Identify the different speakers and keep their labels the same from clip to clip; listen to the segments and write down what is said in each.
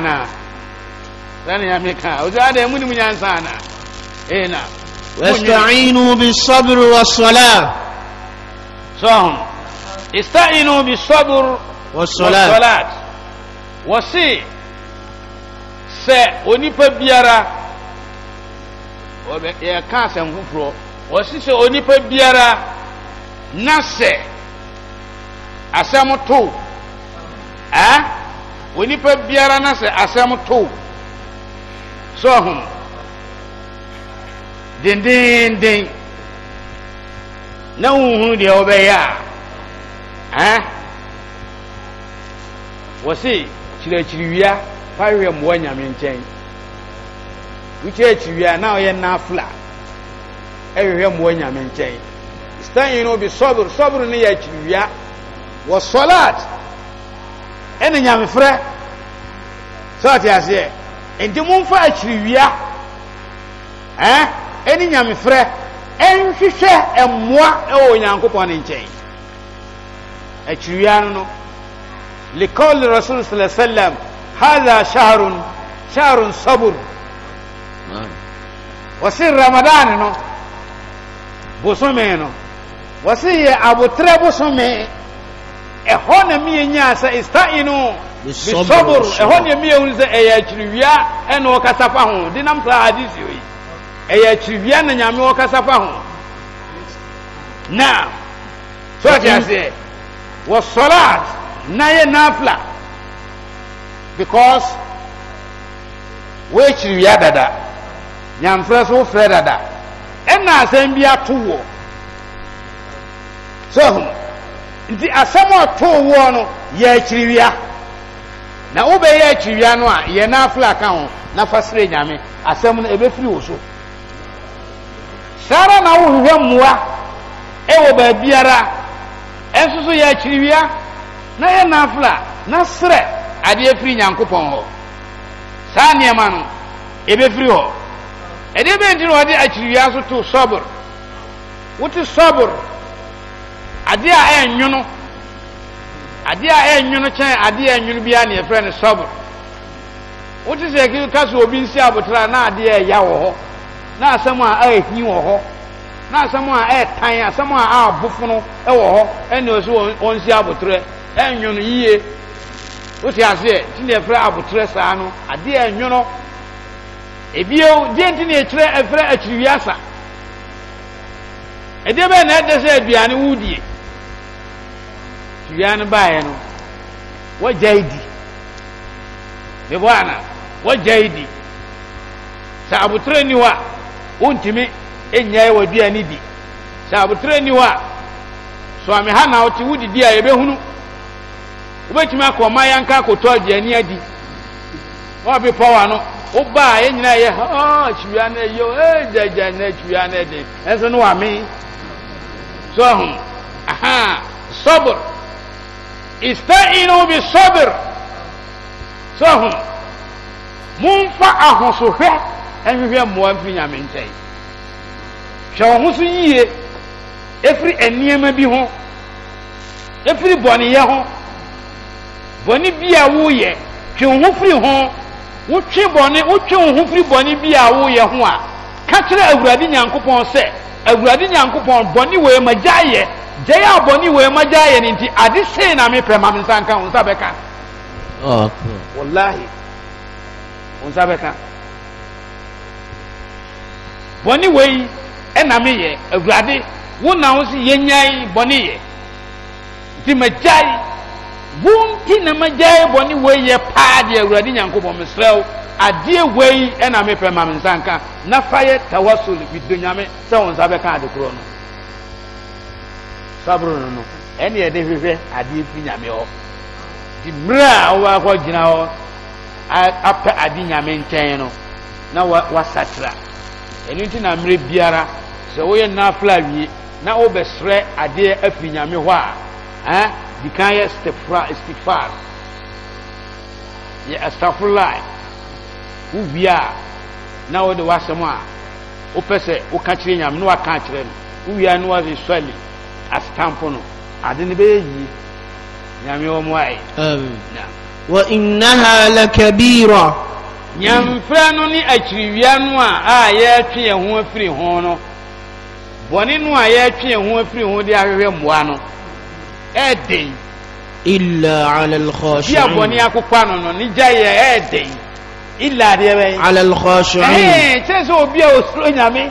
Speaker 1: anaa sani ya mi kan o ti ada emu ni mu nyansa ana ena.
Speaker 2: westainu
Speaker 1: bi sabiri wa sola. sɔhun istainu bi sabiri wa sola wɔsi sɛ onipa biara yɛ ka asɛm foforɔ wɔsi sɛ onipa biara na sɛ asɛm Eh? onipa biara na sɛ asɛm tow sɛ ɔhom dendeenden na wonhunu deɛ wobɛyɛ a wɔ se kyirɛkyiriwia fa hwehwɛ mmoa nyame nkyɛn wokyirɛkyiriwia na ɔyɛ nafla ɛhwehwɛ mmoa nyame nkyɛn stanyi no bi sɔbiri sɔbiri no yɛ akyiriwia wɔ sɔlat ɛne nyamefrɛ sɛ ɔtiaseɛ ɛnti momfa akyiri wia ɛne nyamefrɛ ɛnhwehwɛ mmoa wɔ onyankopɔn ne nkyɛn akyiri wia no no lecaule rasuli s salam hadha aro shahron sabor wɔ se ramadan no bosome no wɔ se yɛ abotrɛ bosomee ɛhɔ na miyɛnyaa sɛ istaino bisɔbor ɛhɔ na miyɛhunu sɛ ɛyɛ akyiriwia ɛna ɔkasa fa ho di nam saa hadisi yi ɛyɛ akyiriwia na nyame ɔkasa fa ho na sɔɔte aseɛ wɔ sɔlaat na yɛ nafla because ya dada nyamfrɛ so wofrɛ dada ɛna asɛm bi ato wɔ sɛ so, nti asɛm ɔtoo woɔ no yɛ akyiriwia na wobɛyɛ akyiriwia no a yɛ n'afla ka ho na fa sere nyame asɛm no ɛbɛfiri wo so saa ara na wohwehwɛ mmoa ɛwɔ baabiara ɛnso so yɛ akyiriwia na yɛ n'afla na serɛ adeɛ firi nyankopɔn hɔ saa nneɛma no ɛbɛfiri hɔ ɛdeɛ bɛnti no wɔde akyiriwia so to sɔbor wote sɔbor adeɛ a ɛyɛ nwono adeɛ a ɛyɛ nwono kyɛn adeɛ a ɛyɛ nwono biara na yɛfrɛ no sɔbɔ wote sɛ ɛkiri ka so obi nsi abotire a na adeɛ ɛya wɔ hɔ na asɛm a ɛyɛ hin wɔ hɔ na asɛm a ɛyɛ tan asɛm a abofono ɛwɔ hɔ ɛna osi wɔn nsi abotire ɛyɛ nwono yie wote aseɛ ti na yɛfrɛ abotire saa no adeɛ ɛyɛ nwono ebio deɛ ti na yɛkyerɛ ɛfrɛ akyiriwiasa ɛdeɛ bɛyɛ na ɛdɛ sɛ aduane wudie. wia no baeɛ no wɔgyae di mebɔ ana wɔgyae di sɛ abotire ni hɔ a wontumi nnyae w'aduane di sɛ abotire ni hɔ a soame ha na wote wodidi a yɛbɛhunu wobɛtumi akɔ ɔma yɛnka akɔtɔ aduane adi wɔbe pɔwa no wobaa yɛn nyinaa yɛ akyiwia no ɛyɛ gyagya na akyiwia no ɛden ɛnso no wame so ho aha sɔbor ista'inu bisabr sahum mumfa ahosohwɛ ɛnhwehwɛ mmoa mfiri nyame nkyɛn hwɛ wo ho so yie efiri nneɛma bi ho ɛfiri bɔneyɛ ho bɔne bi a woyɛ twe wo ho firi ho wotwe bɔne wotwe wo ho firi bɔne bi a woyɛ ho a ka kyerɛ awurade nyankopɔn sɛ awurade nyankopɔn bɔne wei magyaayɛ gye yɛ abɔni wɔ ɛma gya yɛ ne nti ade sei na mepɛ ma me nsa nka wo nsa bɛka wallahi wo nsa bɛka bɔne wei ɛna meyɛ awurade wo na wo so yɛnyae bɔne yɛ nti magyae wo nti na magyae bɔne wei yɛ paa deɛ awurade nyankopɔn mesrɛ wo adeɛ wei ɛna mepɛ ma me nsa nka na fa yɛ tawasul bido nyame sɛ wo nsa bɛka ade korɔ no sábúrò nínú ẹni ẹdẹ hwehwẹ adeɛ fi nyame hɔ di mmerɛ a wɔwɔ akɔ gyina hɔ apɛ ade nyame nkyɛn no na wasatra ɛno nti na mmerɛ biara sɛ woyɛ nnaafla awie na wobɛsrɛ adeɛ afi nyame hɔ a di kan yɛ stifar yɛ astafurlai wo wie a na wode w'asɛm a wopɛ sɛ woka kyerɛ nyame na waka akyerɛ no wo wie a na wɔde sɔli stamp no ade no bɛyɛ yie nyame wɔ mu ayɛ wa innaha lakabira nyamfrɛ no ne akyiriwia no a a yɛatwe yɛn ho afiri ho no bɔne no a yɛatwe yɛn ho afiri ho de ahwehwɛ mmoa no ɛɛden illa ala alkhashiin bia bɔne akokwa no no ne gya yɛ ɛɛden illa adeɛ bɛyɛ ala alkhashiin ɛɛ kyerɛ sɛ obi a osuro nyame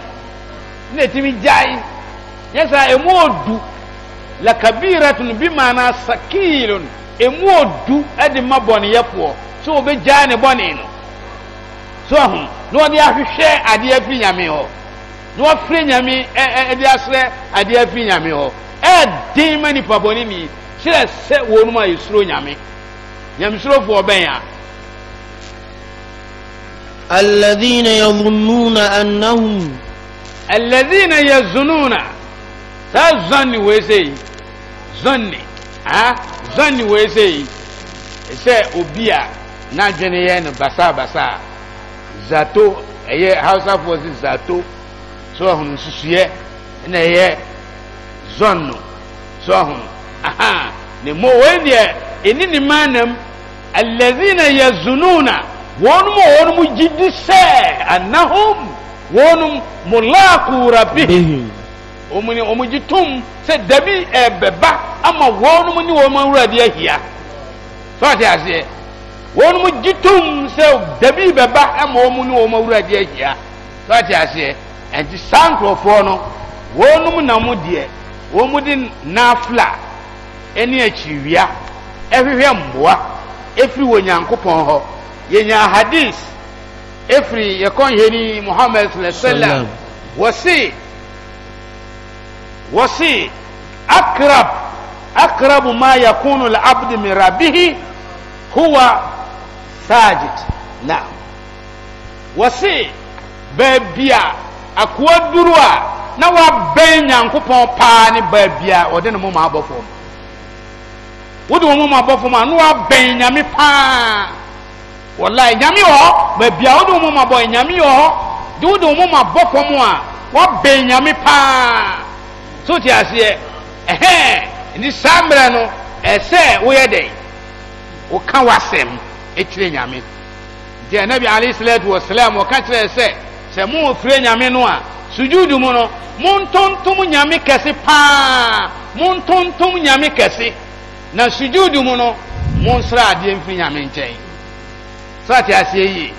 Speaker 1: ne timi gyae yɛ saa odu la kabiratun bi ma ana sakiilo n emu ɔdu ɛde ma bɔneyɛfoɔ sɛ wɔbɛgyae ne bɔnee no so aho na wɔde ahwehwɛ adeɛ afiri nyame hɔ e, na ɔfrɛ nyamede aserɛ adeɛ afiri nyame hɔ ɛden ma nnipabɔne ni kyerɛ sɛ wɔnom a yɛ suro nyame nyame surofoɔ bɛn a aladina yazonuna saa sane ne hɔ sei zɔnni ha zɔnni wɔ ese yi sɛ obi a n'adwene yɛ no basabasa zato ɛyɛ hausafoɔ si zato so ɔhono nsusuɛ ɛna ɛyɛ zɔnno so ɔhono aha ne mo wɔn deɛ ɛni ne mmaa nam alɛzina yɛ zununa wɔn mu wɔn mu gidi sɛ anahom wɔn mu mulaakura bihim wɔn mu gyi ama wɔnom ne wɔn awura bi ahia sɔɔte aseɛ mu gyi tum sɛ dabi bɛba ama wɔn ne wɔn awura bi ahia sɔɔte aseɛ ɛnti saa nkurɔfoɔ no wɔnom na mo deɛ wɔn de naafla ne akyiriwia ɛhwehwɛ mboa ɛfiri wɔ nyankopɔn hɔ yɛnya hadis ɛfiri yɛkɔnhɛni muhammad sallallahu alaihi wasallam wɔse wɔse akrab أقرب ما يكون العبد من ربه هو ساجد نعم وسي بابيا أكوى دروا na wabɛn nyankopɔn paa ne a na wabɛn nyame paa wɔlae nyame wɔ hɔ baabia wode wɔ moma abɔ nyame ọ. hɔ de paa nti saa mmerɛ no ɛsɛ woyɛ dɛn woka w'asɛm ɛkyerɛ nyame nti anabi alayhi salatu wasalam wɔka kyerɛɛ sɛ sɛ mowɔfirɛ nyame no a sujudu mu no montontom nyame kɛse paa montontom nyame kɛse na sujudu mu no monsrɛ adeɛ mfiri nyame nkyɛn sate aseɛ yie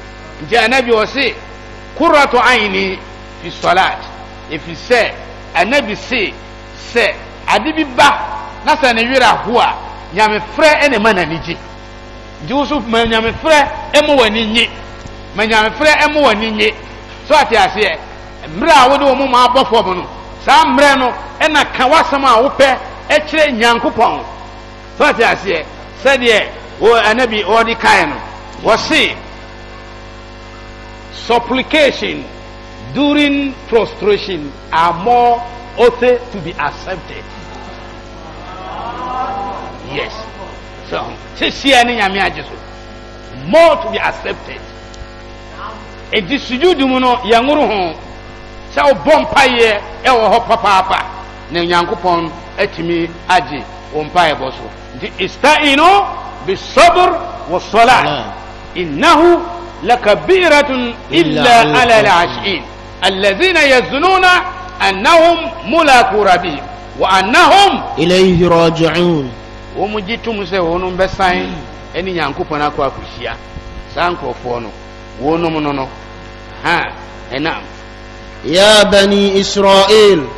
Speaker 1: nti anabi wɔ se kuratu aini fi salat ɛfiri sɛ anabi se sɛ ade bi ba na sɛne werɛ ho a nyamefrɛ nema nane gye nti woso ma nyame frɛ mɔ w ani nye ma nyamefrɛ ma wa ani nye so ate aseɛ mmerɛ a wode wɔ moma abɔfɔ mo no saa mmerɛ no ɛna ka woasɛm a wopɛ ɛkyerɛ nyankopɔn so ati aseɛ sɛdeɛ woana bi ɔrde kae no wɔ se supplication during frustration ar mo othe to be accepted االصواصةن لكيرة لا لى الين اذي نون نه ره هيو wɔn gye tom sɛ wɔn bɛsan ne nyankopɔn akɔ akɔhyia saa nkurɔfoɔ no wɔn no no ha ɛnam. ya bani israel.